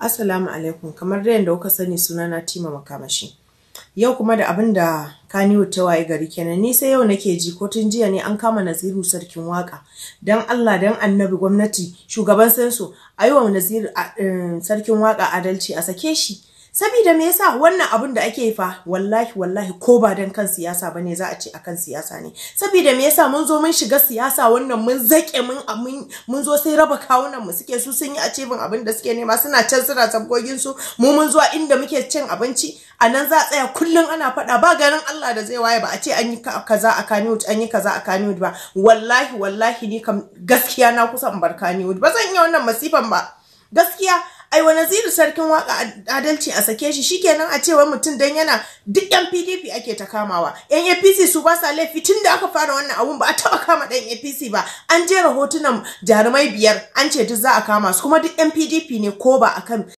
Assalamu alaikum kamar da yadda kuka sani suna na Tima Makamashi. Yau kuma da abin da Kaniyu ta waye gari kenan ni sai yau nake ji ko tun jiya ne an kama Naziru sarkin waka dan Allah dan Annabi gwamnati shugaban sansu ayi wa Naziru eh, sarkin waka adalci a sake shi Sabida me yasa wannan abin da ake fa wallahi wallahi ko ba dan kan siyasa bane za a ce akan siyasa ne. Sabida me yasa mun zo mun shiga siyasa wannan mun zake mun mun zo sai raba kawunan mu suke su sun yi a cebin abin da suke nema suna can suna tabgogin su mu mun zuwa inda muke cin abinci a nan za a tsaya kullum ana faɗa ba ganin Allah da zai waye ba a ce an yi kaza a Kannywood an yi kaza a ba wallahi wallahi ni kam gaskiya na kusa in bar ba zan iya wannan masifan ba gaskiya ai wani naziru sarkin waka adalci a sake shi shikenan a cewa mutum dan yana duk yan pdp ake ta kamawa yan apc su ba sa laifi tun da aka fara wannan abun ba a taba kama dan apc ba an jera hotunan jarumai biyar an ce duk za a kama su kuma duk yan pdp ne ko ba akan